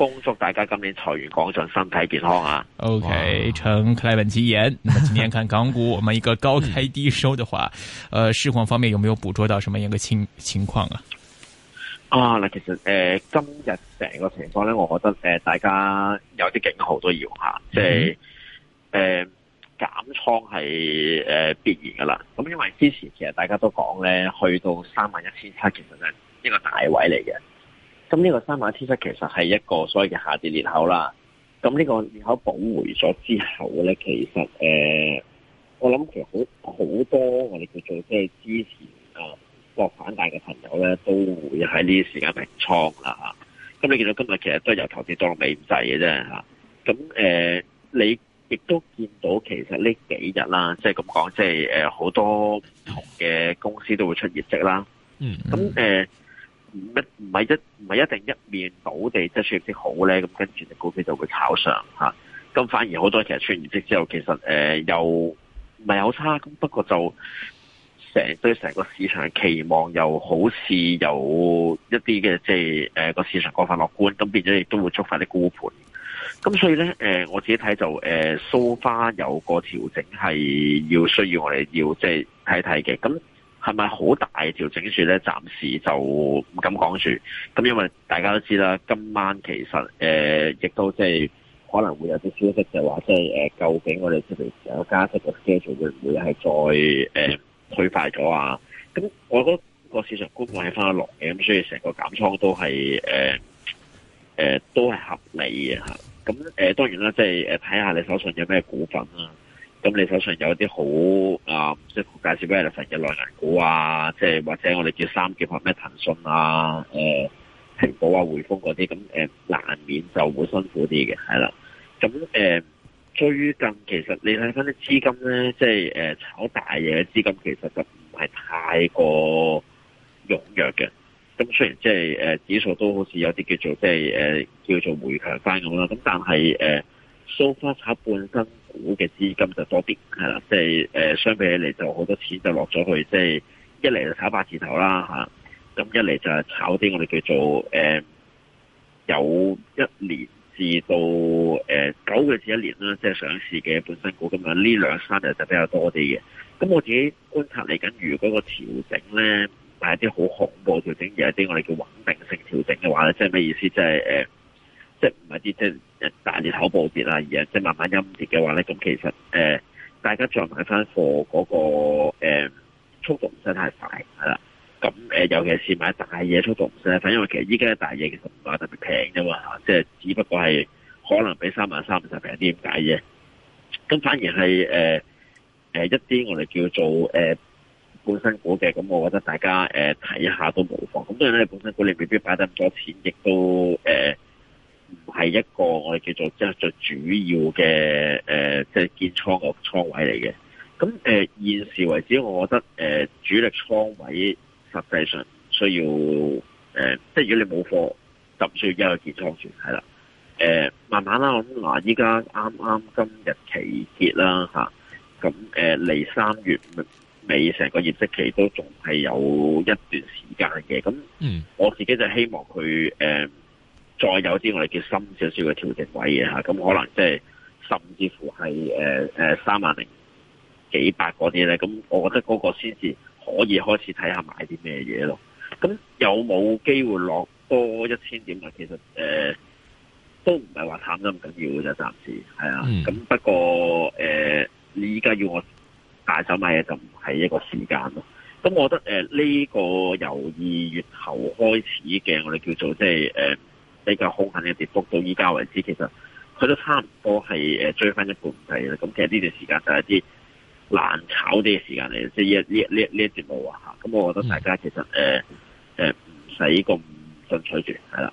恭祝大家今年財源廣進，身體健康啊！OK，陳克萊文吉言，咁啊，今天看港股， 我們一個高開低收的話，呃，市況方面有沒有捕捉到什麼樣嘅情情況啊？啊，嗱，其實誒、呃，今日成個情況咧，我覺得誒、呃，大家有啲警號都要吓，即係誒減倉係誒必然噶啦。咁因為之前其實大家都講咧，去到三萬一千七，其實係一個大位嚟嘅。咁呢個三百天線其實係一個所謂嘅下跌裂口啦。咁呢個裂口補回咗之後咧，其實誒，我諗其實好好多我哋叫做即係之前啊落反大嘅朋友咧，都會喺呢啲時間平倉啦嚇。咁你見到今日其實都係由頭跌到尾唔濟嘅啫嚇。咁誒，你亦都見到其實呢幾日啦，即係咁講，即係誒好多唔同嘅公司都會出業績啦。嗯。咁誒。唔一係一唔係一定一面倒地即係穿業績好咧，咁跟住就股票就會炒上吓咁、啊、反而好多其實出業績之後，其實、呃、又唔係好差，咁不過就成對成個市場期望又好似有一啲嘅，即係誒個市場過分樂觀，咁變咗亦都會觸發啲沽盤。咁所以咧、呃、我自己睇就誒蘇花有個調整係要需要我哋要即係睇睇嘅咁。就是看看係咪好大條整住咧？暫時就唔敢講住。咁因為大家都知啦，今晚其實誒，亦、呃、都即、就、係、是、可能會有啲消息就，就話即係誒，究竟我哋即係有加息嘅 schedule 會唔會係再誒退快咗啊？咁我嗰個市場觀望係翻落嘅，咁所以成個減倉都係誒誒，都係合理嘅吓。咁誒、呃，當然啦，即係誒，睇、呃、下你手上有咩股份啦、啊。咁你手上有啲好啊，即係介紹 v 你 l u a t i 嘅內銀股啊，即係或者我哋叫三劍客咩騰訊啊、誒、呃、蘋果啊、匯豐嗰啲，咁、嗯、誒難免就會辛苦啲嘅，係啦。咁、嗯、誒、嗯，最近其實你睇翻啲資金咧，即係誒炒大嘢嘅資金，其實就唔係太過踴躍嘅。咁、嗯、雖然即係誒指數都好似有啲叫做即係誒叫做回強翻咁啦，咁、嗯、但係誒、呃、so far 炒半新。股嘅資金就多啲，係啦，即係誒，相比起嚟就好多錢就落咗去，即係一嚟就炒八字頭啦嚇，咁一嚟就係炒啲我哋叫做誒有一年至到誒九個至一年啦，即係上市嘅本身股咁樣，呢兩三日就比較多啲嘅。咁我自己觀察嚟緊，如果個調整咧係一啲好恐怖調整，而一啲我哋叫穩定性調整嘅話咧，即係咩意思？即係誒。呃即係唔係啲即係大熱口暴跌啊，而係即係慢慢陰跌嘅話咧，咁其實誒、呃，大家再買翻貨嗰個誒、呃，速度唔使太快係啦。咁誒、呃，尤其是買大嘢，速度唔使太快，因為其實依家嘅大嘢其實唔係特別平啫嘛，即係只不過係可能比三萬三五十平啲，點解嘅？咁反而係誒誒一啲我哋叫做誒、呃，本身股嘅，咁我覺得大家誒睇下都冇妨。咁當然咧，本身股你未必擺得咁多錢，亦都誒。呃係一個我哋叫做即係最主要嘅，誒，即係建倉個倉位嚟嘅。咁誒，現時為止，我覺得誒、呃、主力倉位實際上需要誒、呃，即係如果你冇貨，就唔需要一個建倉權係啦。誒、呃，慢慢啦，我諗嗱，依家啱啱今日期結啦吓，咁、啊、誒，嚟、呃、三月尾成個業績期都仲係有一段時間嘅。咁，嗯，我自己就希望佢誒、呃，再有啲我哋叫深少少嘅調整位嘅吓，咁可能即係甚至乎係、呃、三萬零幾百嗰啲咧，咁我覺得嗰個先至可以開始睇下買啲咩嘢咯。咁有冇機會落多一千點啊？其實誒、呃、都唔係話淡得咁緊要嘅啫，暫時係啊。咁、mm. 不過誒、呃，你依家要我大手買嘢就唔係一個時間咯。咁我覺得呢、呃，這個由二月頭開始嘅我哋叫做即係比較兇狠嘅跌幅到依家為止，其實佢都差唔多係誒追翻一半地啦。咁其實呢段時間就係一啲難炒啲嘅時間嚟嘅，即係呢呢呢呢一段路啊嚇。咁我覺得大家其實誒誒唔使咁進取住，係啦。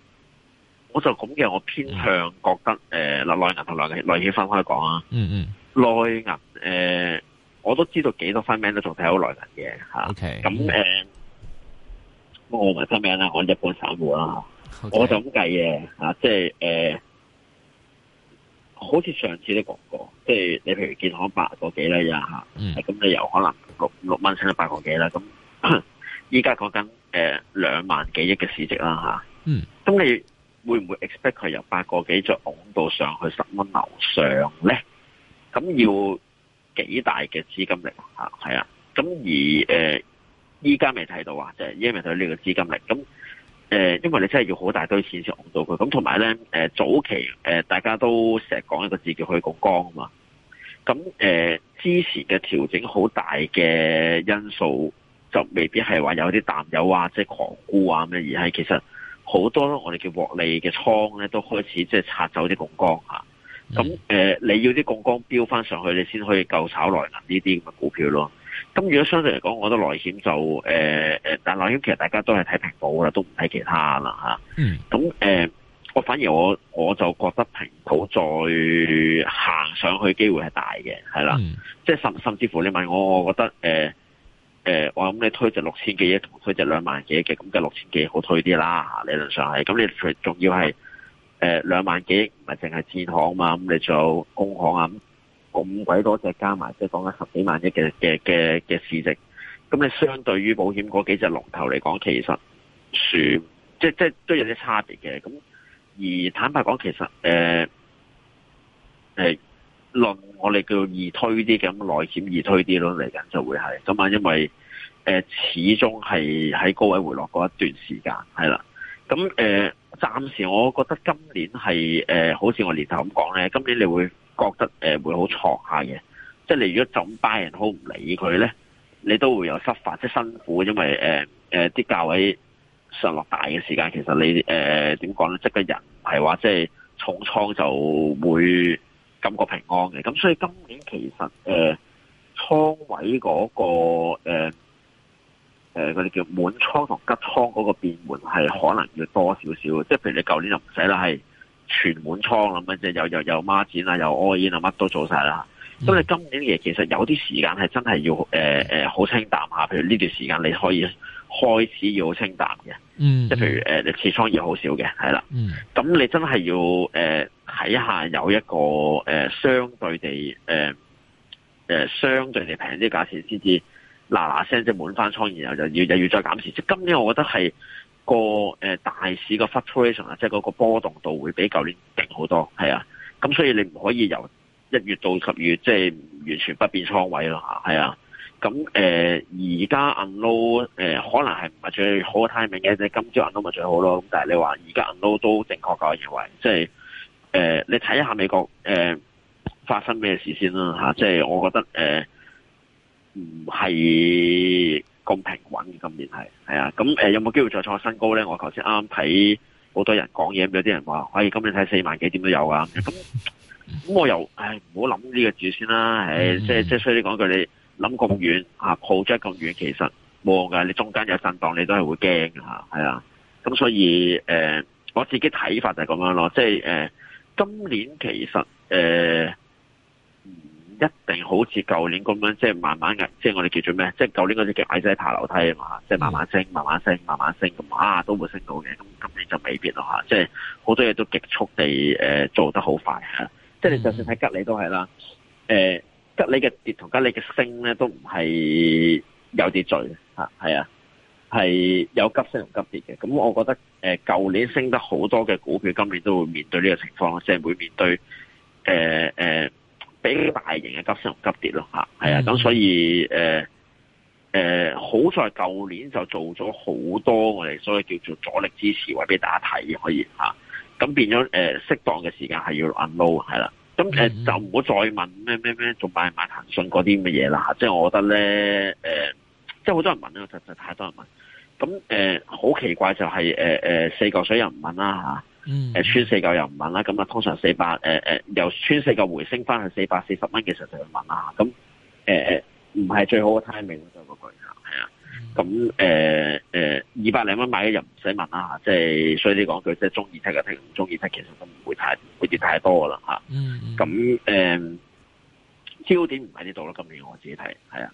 我就咁嘅，我偏向覺得誒、呃，內銀同內內險分開講啊。嗯嗯，內銀誒、呃，我都知道幾多分名都仲睇好內銀嘅吓。O K，咁誒，嗯呃、我唔係分名啦，我一般散戶啦，okay. 我就咁計嘅吓、啊，即係誒、呃，好似上次都講過，即係你譬如建行八個幾啦，吓、啊，咁、嗯、你有可能六六蚊升到八個幾啦，咁依家講緊誒兩萬幾億嘅市值啦吓、啊，嗯，咁你。會唔會 expect 佢由八個幾再拱到上去十蚊樓上呢？咁要幾大嘅資金力啊？係啊，咁而誒，依家未睇到啊，就係因為佢呢個資金力。咁誒、啊呃呃，因為你真係要好大堆錢先拱到佢。咁同埋呢，誒、呃，早期誒、呃，大家都成日講一個字叫去槓杆啊嘛。咁誒、呃，之前嘅調整好大嘅因素，就未必係話有啲淡友啊，即、就、係、是、狂沽啊咩，而係其實。好多我哋叫獲利嘅倉咧，都開始即係拆走啲槓桿吓。咁誒、呃，你要啲槓桿標翻上去，你先可以夠炒來啦呢啲咁嘅股票咯。咁如果相對嚟講，我覺得內險就誒誒、呃，但內險其實大家都係睇平保啦，都唔睇其他啦吓。嗯、啊。咁、呃、誒，我反而我我就覺得平保再行上去機會係大嘅，係啦。嗯、即係甚甚至乎，你問我，我覺得誒。呃誒、呃，我諗你推隻六千幾億同推隻兩萬幾億嘅，咁計六千幾好推啲啦。理論上係，咁你仲要係誒兩萬幾億唔係淨係建行啊嘛，咁你仲有工行啊，咁鬼多隻加埋，即係講緊十幾萬億嘅嘅嘅嘅市值。咁你相對於保險嗰幾隻龍頭嚟講，其實全即即都有啲差別嘅。咁而坦白講，其實誒，呃論我哋叫易推啲咁內險易推啲咯，嚟緊就會係咁啊，因為誒、呃、始終係喺高位回落嗰一段時間係啦。咁誒，嗯、呃、暫時我覺得今年係誒、呃，好似我年頭咁講咧，今年你會覺得誒、呃、會好挫下嘅。即係你如果就咁班人好唔理佢咧，你都會有失法，即係辛苦，因為誒誒啲價位上落大嘅時間，其實你誒點講咧，即係個人唔係話即係重倉就會。感覺平安嘅，咁所以今年其實誒、呃、倉位嗰、嗰個誒誒啲叫滿倉同吉倉嗰個變換係可能要多少少，即、就、係、是、譬如你舊年就唔使啦，係全滿倉咁樣即又又孖展又 in，啊，又按現啊，乜都做晒啦。咁你今年嘅嘢其實有啲時間係真係要誒好、呃呃、清淡下，譬如呢段時間你可以開始要清淡嘅，嗯，即、嗯、係譬如、呃、你持倉要好少嘅，係啦，嗯，咁你真係要誒。呃睇下有一個誒、呃，相對地誒、呃、相對地平啲價錢先至嗱嗱聲，即係滿翻倉然後就要又要再減持。即係今年，我覺得係個大市個 fluctuation 啊，即係嗰個波動度會比舊年勁好多係啊。咁所以你唔可以由一月到十月即係、就是、完全不變倉位咯，係啊。咁誒而、呃、家 unload、呃、可能係唔係最好嘅 timing 嘅，即係今朝 unload 咪最好咯。咁但係你話而家 unload 都正確，我認為即係。誒、呃，你睇一下美國誒、呃、發生咩事先啦、啊、吓、啊，即係我覺得誒唔係咁平穩嘅今年係係啊，咁誒、嗯呃、有冇機會再創新高咧？我頭先啱啱睇好多人講嘢，有啲人話，以、哎、今年睇四萬幾點都有啊。咁、啊、咁我又，唉，唔好諗呢個字先啦、啊，唉，即係即係所以你講句你諗咁遠啊，抱著咁遠，其實冇噶，你中間有震盪，你都係會驚噶吓，係啊，咁、嗯、所以誒、呃、我自己睇法就係咁樣咯，即係誒。呃今年其實誒，唔、呃、一定好似舊年咁樣，即係慢慢嘅，即係我哋叫做咩？即係舊年嗰隻嘅矮仔爬樓梯啊嘛，即係慢慢升、慢慢升、慢慢升咁啊，都會升到嘅。咁今年就未必啦吓，即係好多嘢都極速地誒、呃、做得好快，即係你就算睇吉利都係啦，誒、呃，吉利嘅跌同吉利嘅升咧都唔係有秩序吓，係啊。係有急升同急跌嘅，咁我覺得誒，舊年升得好多嘅股票，今年都會面對呢個情況，即係會面對誒誒、呃、比較大型嘅急升同急跌咯嚇，係啊，咁所以誒誒，呃呃、好在舊年就做咗好多我哋所謂叫做阻力支持位俾大家睇可以嚇，咁、啊、變咗誒、呃、適當嘅時間係要 unload 係啦，咁誒就唔好再問咩咩咩，仲買唔買騰訊嗰啲乜嘢啦，即係我覺得咧誒。呃即係好多人問啊，就是、太多人問。咁誒好奇怪就係、是、誒、呃、四舊水又唔問啦穿、嗯、四舊又唔問啦。咁啊通常四百誒、呃、由穿四舊回升翻去四百四十蚊、呃嗯呃就是、其實就去問啦。咁誒唔係最好嘅 timing 就嗰句係啊。咁誒誒二百零蚊買嘅又唔使問啦，即係所以你講句即係中意睇就睇，唔中意睇其實都唔會太會跌太多嘅啦，咁誒焦點唔喺呢度咯。今年我自己睇係啊。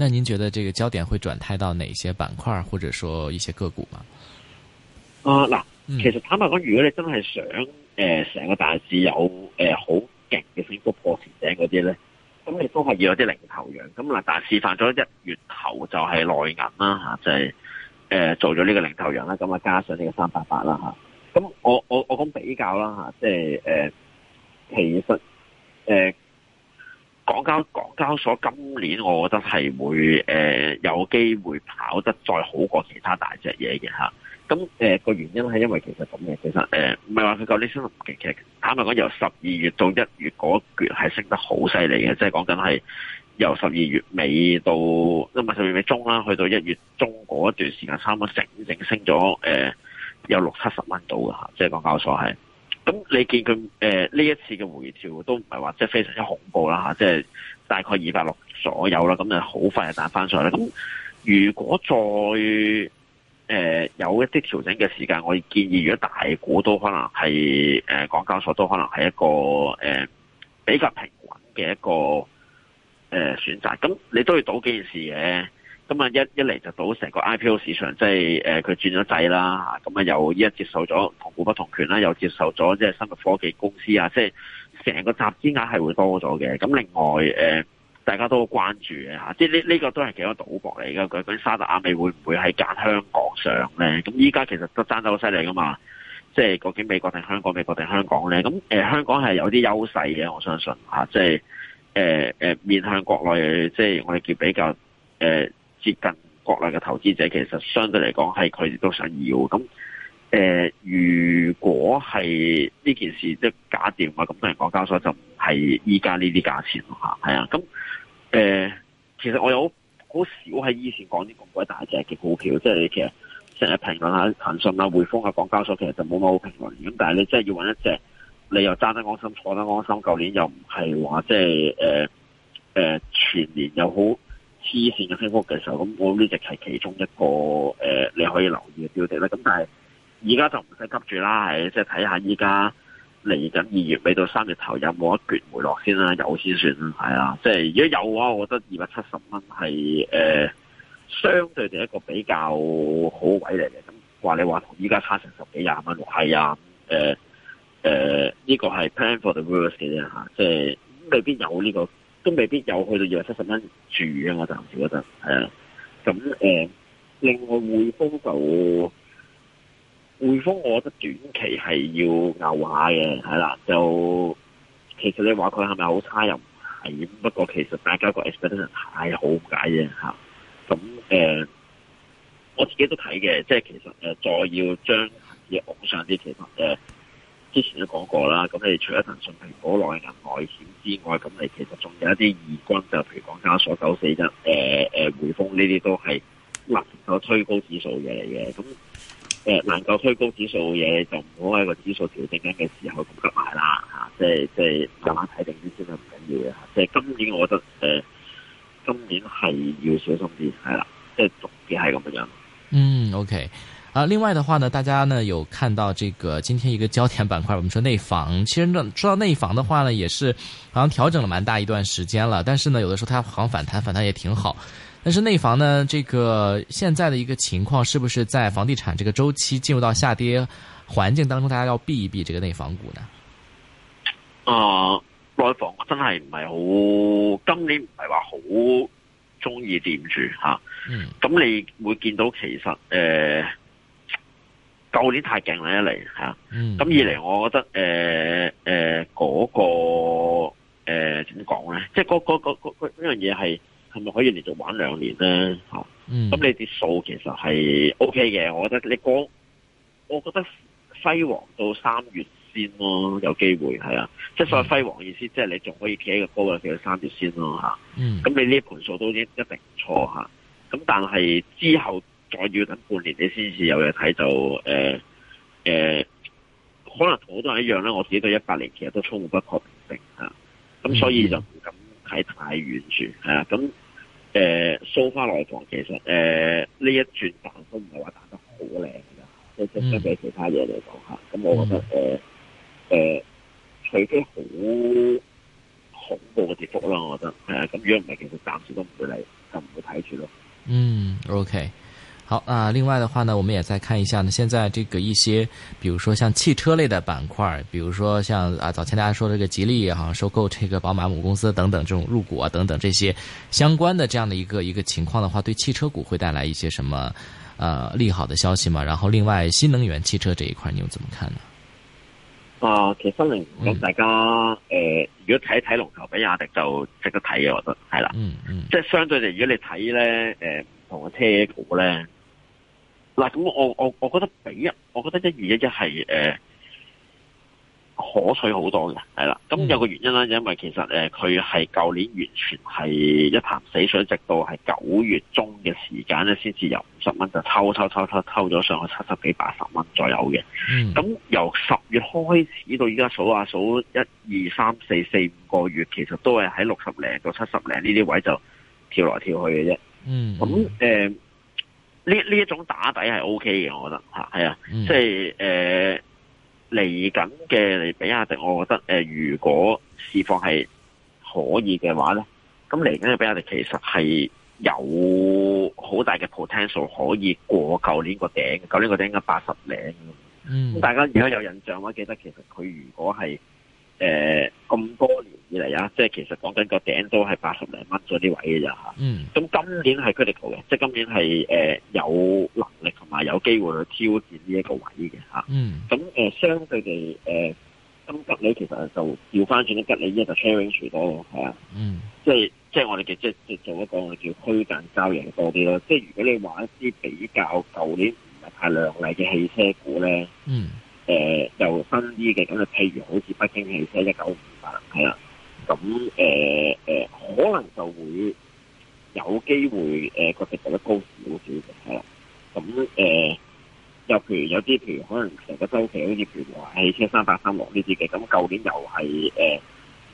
那您覺得這個焦點會轉軚到哪些板塊，或者說一些個股嗎？啊嗱，其實坦白講，如果你真係想誒成、呃、個大市有誒好勁嘅升幅破前頂嗰啲咧，咁你都係要有啲領頭羊。咁嗱，大市泛咗一月頭就係內銀啦吓，就係、是、誒、呃、做咗呢個領頭羊啦，咁啊加上呢個三百八啦吓。咁我我我講比較啦吓，即係誒其實誒。呃港交港交所今年，我覺得係會誒、呃、有機會跑得再好過其他大隻嘢嘅嚇。咁誒個原因係因為其實咁嘅，其實誒唔係話佢夠啲升其劇。其實坦白講，由十二月到一月一月嗰一段係升得好犀利嘅，即係講緊係由十二月尾到因為十二月尾中啦，去到一月中嗰一段時間，差唔多整整升咗誒、呃、有六七十蚊到嘅嚇，即係港交所係。咁你見佢誒呢一次嘅回調都唔係話即係非常之恐怖啦嚇，即係大概二百六左右啦，咁啊好快就彈翻上嚟。咁如果再誒、呃、有一啲調整嘅時間，我建議如果大股都可能係誒、呃、港交所都可能係一個誒、呃、比較平穩嘅一個誒、呃、選擇。咁你都要賭幾件事嘅。咁啊，一一嚟就到成個 IPO 市場，即係誒佢轉咗制啦嚇，咁啊又依家接受咗同股不同權啦，又接受咗即係生物科技公司啊，即係成個集資額係會多咗嘅。咁另外，大家都好關注嘅嚇，即係呢呢個都係幾多賭博嚟㗎？佢沙特阿美會唔會喺揀香港上咧？咁依家其實都爭得好犀利㗎嘛，即係究竟美國定香港，美國定香港咧？咁香港係有啲優勢嘅，我相信嚇，即係誒誒面向國內，即係我哋叫比較、呃接近國內嘅投資者，其實相對嚟講係佢哋都想要咁。誒、呃，如果係呢件事即係假掉啊，咁多人港交所就唔係依家呢啲價錢咯係啊，咁誒、呃，其實我有好少喺以前講啲咁鬼大隻嘅股票，即係你其實成日評論下騰訊啊、匯豐啊、港交所，其實就冇乜好評論。咁但係你真係要搵一隻，你又揸得安心、坐得安心，舊年又唔係話即係誒、呃呃、全年又好。黐線嘅升幅嘅時候，咁我呢只係其中一個誒、呃，你可以留意嘅標的啦。咁但係而家就唔使急住啦，係即係睇下依家嚟緊二月尾到三月頭有冇一撅回落先啦，啊，有先算係啊。即係如果有嘅，啊，話，我覺得二百七十蚊係誒相對地一個比較好位嚟嘅。咁話你話同依家差成十幾廿蚊，係啊，誒、呃、呢、呃，這個係 plan for the worst 嘅啫，即係未必有呢、這個。都未必有去到二百七十蚊住啊！我暫時覺得係啊，咁誒、呃，另外匯豐就匯豐，匯豐我覺得短期係要牛下嘅，係啦，就其實你話佢係咪好差又唔係，不過其實大家個 expectation 太好解嘅吓，咁誒、呃，我自己都睇嘅，即係其實誒，再要將嘢往上啲其實。呃之前都講過啦，咁你除咗騰訊、蘋果內銀外險之外，咁你其實仲有一啲二軍，就譬如講港交所、九四一、誒、匯豐呢啲都係能夠推高指數嘢嚟嘅。咁誒、呃、能夠推高指數嘢，就唔好喺個指數調整緊嘅時候咁急埋啦，即係即係慢慢睇定啲先係唔緊要嘅、啊。即係今年，我覺得誒、啊，今年係要小心啲，係啦，即係總結係咁樣。嗯，OK。啊，另外的話呢，大家呢有看到這個今天一個焦點板塊，我們說內房。其實呢，說到內房的話呢，也是好像調整了蠻大一段時間了。但是呢，有的時候它好像反彈，反彈也挺好。但是內房呢，這個現在的一個情況，是不是在房地產這個週期進入到下跌環境當中，大家要避一避這個內房股呢？呃，內房真係唔係好，今年唔係話好鍾意掂住吓，啊。嗯。咁你會見到其實，誒。呃舊年太勁咧，一嚟吓，咁二嚟我覺得，誒誒嗰個，誒點講咧，即係嗰嗰嗰樣嘢係係咪可以連續玩兩年咧吓？咁、嗯、你啲數其實係 O K 嘅，我覺得你講，我覺得輝煌到三月先咯，有機會係啊，即係所謂輝煌嘅意思，即係你仲可以企喺個高位企到三月先咯吓。咁、嗯、你呢盤數都一一定唔錯吓，咁但係之後。再要等半年東西，你先至有嘢睇就誒誒，可能同好多人一樣啦，我自己對一百年其實都充滿不確定性吓，咁、啊啊、所以就唔敢睇太遠住係啦。咁、啊、誒，蘇花內房其實誒呢一轉彈都唔係話彈得好靚噶，即係相比其他嘢嚟講吓。咁我覺得誒誒，除非好恐怖嘅跌幅啦，我覺得係啊。咁如果唔係，其實暫時都唔會嚟，就唔會睇住咯。嗯，OK。好啊，另外的話呢，我們也再看一下呢，現在這個一些，比如說像汽車類的板塊，比如說像啊，早前大家說的這個吉利也好，收購這個寶馬母公司等等，這種入股啊等等這些相關的這樣的一個一個情況的話，對汽車股會帶來一些什麼，呃，利好的消息嘛？然後另外新能源汽車這一塊，你又怎麼看呢？啊，其實嚟講大家、嗯、呃，如果睇睇龍頭比亞迪就值得睇嘅，我覺得係啦，嗯嗯，即係相對地，如果你睇呢，誒同嘅車股呢。嗱，咁我我我覺得比一，我覺得一月一一係誒可取好多嘅，係啦。咁有個原因啦，因為其實誒佢係舊年完全係一潭死水，直到係九月中嘅時間咧，先至由五十蚊就偷偷偷偷偷咗上去七十幾八十蚊左右嘅。咁、嗯、由十月開始到而家數下數一二三四四五個月，其實都係喺六十零到七十零呢啲位就跳來跳去嘅啫。嗯，咁誒。呃呢呢一種打底係 O K 嘅，我覺得吓係啊，嗯、即係誒嚟緊嘅嚟比亞迪，我覺得誒、呃、如果市況係可以嘅話咧，咁嚟緊嘅比亞迪其實係有好大嘅 potential 可以過舊年個頂，舊年個頂應該八十零。咁、嗯、大家如果有印象嘅話，我記得其實佢如果係。誒、呃，咁多年以嚟啊，即係其實講緊個頂都係八十零蚊嗰啲位嘅咋吓。嗯。咁今年係佢哋做嘅，即係今年係誒有能力同埋有機會去挑戰呢一個位嘅吓。嗯。咁誒、呃，相對地誒，金吉你其實就要翻轉啲吉呢，依家就 sharing 多係啊。嗯。即係即係我哋嘅即係做一個叫區間交易多啲咯。即係如果你玩一啲比較舊唔係太亮麗嘅汽車股咧。嗯。誒、呃，又新啲嘅，咁啊，譬如好似北京汽車一九五八，係、嗯、啦，咁誒誒，可能就會有機會誒、嗯，個值得高少少嘅，係啦、啊，咁、嗯、誒，就、嗯、譬如有啲譬如可能成個周期，好似譬如話汽車三八三六呢啲嘅，咁舊、嗯、年又係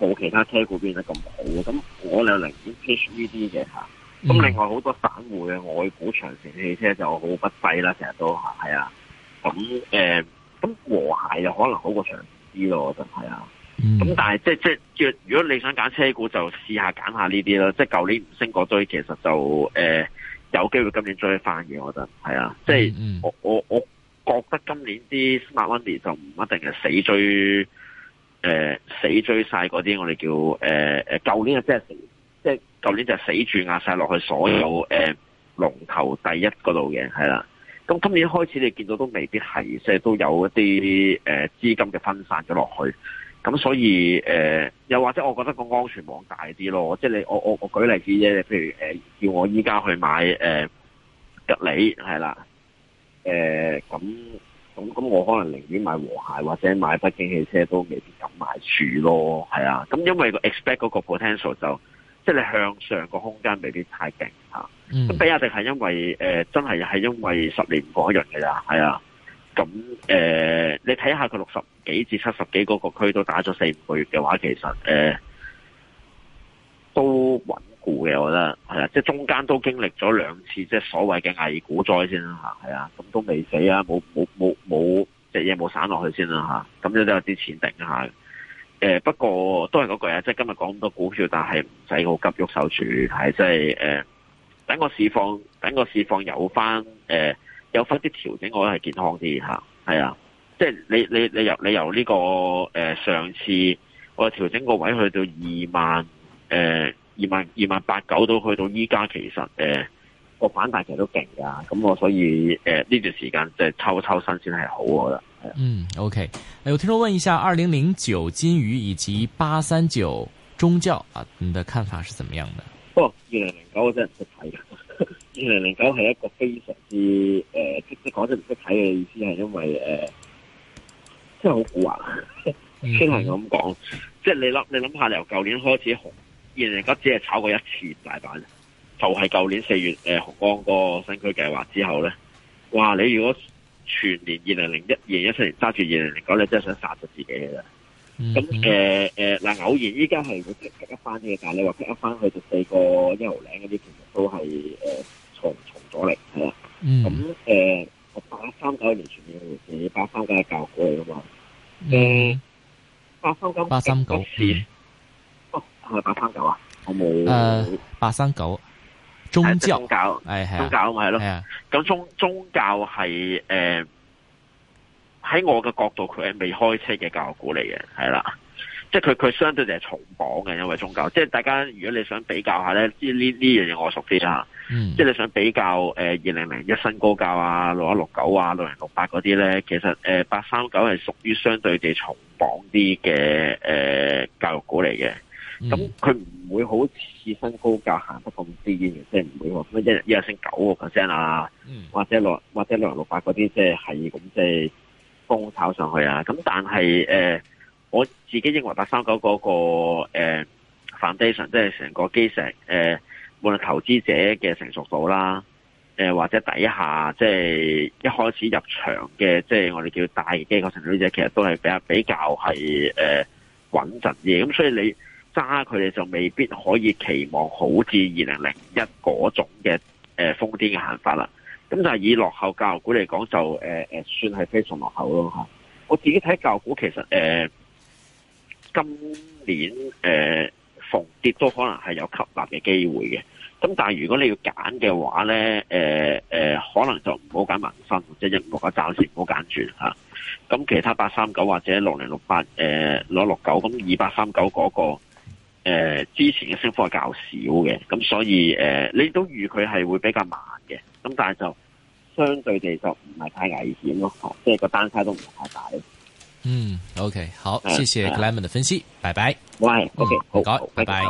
誒冇其他車股變得咁好，咁我又寧願 catch 呢啲嘅吓，咁、啊嗯、另外好多散戶嘅，外股長城汽車就好不低啦，成日都係啊，咁、嗯、誒。嗯咁和諧又可能好過長啲咯，我覺得係啊。咁、mm-hmm. 但係即即若如果你想揀車股，就試下揀下呢啲囉。即舊年唔升嗰堆，其實就誒、呃、有機會今年追翻嘅。我覺得係啊。即、mm-hmm. 我我我覺得今年啲 smart money 就唔一定係死追誒、呃、死追晒嗰啲，我哋叫誒誒舊年嘅即係即舊年就係、年就死住壓晒落去所有誒龍、mm-hmm. 呃、頭第一嗰度嘅係啦。咁今年開始你見到都未必係，即係都有一啲、呃、資金嘅分散咗落去，咁所以誒、呃，又或者我覺得個安全網大啲咯，即係你我我我舉例子啫，你譬如誒、呃，叫我依家去買誒、呃、吉利係啦，誒咁咁咁，我可能寧願買和諧或者買北京汽車都未必敢買住咯，係啊，咁因為 expect 嗰個 potential 就。即係你向上個空間未必太勁吓，咁、嗯、比亞迪係因為誒、呃、真係係因為十年唔過一輪嘅咋，係啊，咁誒、呃、你睇下佢六十幾至七十幾嗰個區都打咗四五個月嘅話，其實誒、呃、都穩固嘅，我覺得係啊，即係中間都經歷咗兩次即係所謂嘅偽股災先啦吓，係啊，咁都未死沒沒沒沒沒隻沒啊，冇冇冇冇只嘢，冇散落去先啦吓，咁你都有啲錢頂下。誒、欸，不過都係嗰句啊，即、就、係、是、今日講咁多股票，但係唔使好急喐手住，係即係誒，等個市況，等個市況有翻，誒、欸，有翻啲調整，我覺得係健康啲吓，係啊，即係、就是、你你你由你由呢、這個誒、呃、上次我調整個位去到二萬，誒、呃、二萬二萬八九都去到依家，其實誒個、呃、反彈其實都勁噶，咁我所以誒呢、呃、段時間即係抽抽身先係好噶。嗯，OK。我聽眾問一下，二零零九金隅以及八三九中教啊，你的看法是怎麼樣的？二零零九我真係唔識睇嘅，二零零九係一個非常之誒、呃，即係講真唔識睇嘅意思係因為誒、呃，真係好古惑，只能咁講。即係你諗，你諗下，你由舊年開始紅，二零零九只係炒過一次大板，就係、是、舊年四月誒，雄安個新區計劃之後咧，哇！你如果。全年二零零一、二零一七年揸住二零零九你真係想殺咗自己嘅啦。咁誒誒，嗱、呃呃、偶然依家係會 get 一翻嘅，但係你話 get 一翻去就四個一毫零嗰啲，其實都係誒重重咗力係啊，咁誒，我八三九年全年自己八三嚟噶嘛？八三九八三九年，哦係咪八三九啊，我冇誒八三九。呃宗教係係，宗教咪係咯？咁宗宗教係誒，喺、呃、我嘅角度佢係未開車嘅教育股嚟嘅，係啦，即係佢佢相對地係重磅嘅，因為宗教，即係大家如果你想比較一下咧、嗯，即呢呢樣嘢我熟啲啦，即係你想比較誒二零零一新高教啊六一六九啊六零六八嗰啲咧，其實誒八三九係屬於相對地重磅啲嘅誒教育股嚟嘅。咁佢唔會好似新高價行得咁癲嘅，即係唔會話咩一日一日升九個 percent 啊、嗯，或者六或者六六八嗰啲，即係係咁即係瘋炒上去啊！咁但係誒、呃，我自己認為八三九嗰個、呃、foundation，即係成個基石誒、呃，無論投資者嘅成熟度啦，誒、呃、或者底下即係、就是、一開始入場嘅，即、就、係、是、我哋叫大嗰個機構投資者，其實都係比較比較係誒、呃、穩陣嘅，咁所以你。揸佢哋就未必可以期望好似二零零一嗰種嘅、誒瘋癲嘅行法啦。咁但係以落後教育股嚟講，就誒、誒算係非常落後咯吓。我自己睇教育股其實誒今年誒逢跌都可能係有吸納嘅機會嘅。咁但係如果你要揀嘅話咧，誒、誒可能就唔好揀民生一或者日貨啊，暫時唔好揀住吓。咁其他八三九或者六零六八誒攞六九咁二八三九嗰個誒、呃，之前嘅升幅係較少嘅，咁、嗯、所以誒、呃，你都預佢係會比較慢嘅，咁、嗯、但係就相對地就唔係太危險咯、哦，即係個單差都唔太大。咯。嗯，OK，好，嗯好，謝謝 Clayman 嘅分析，拜拜。喂，OK，好，拜拜。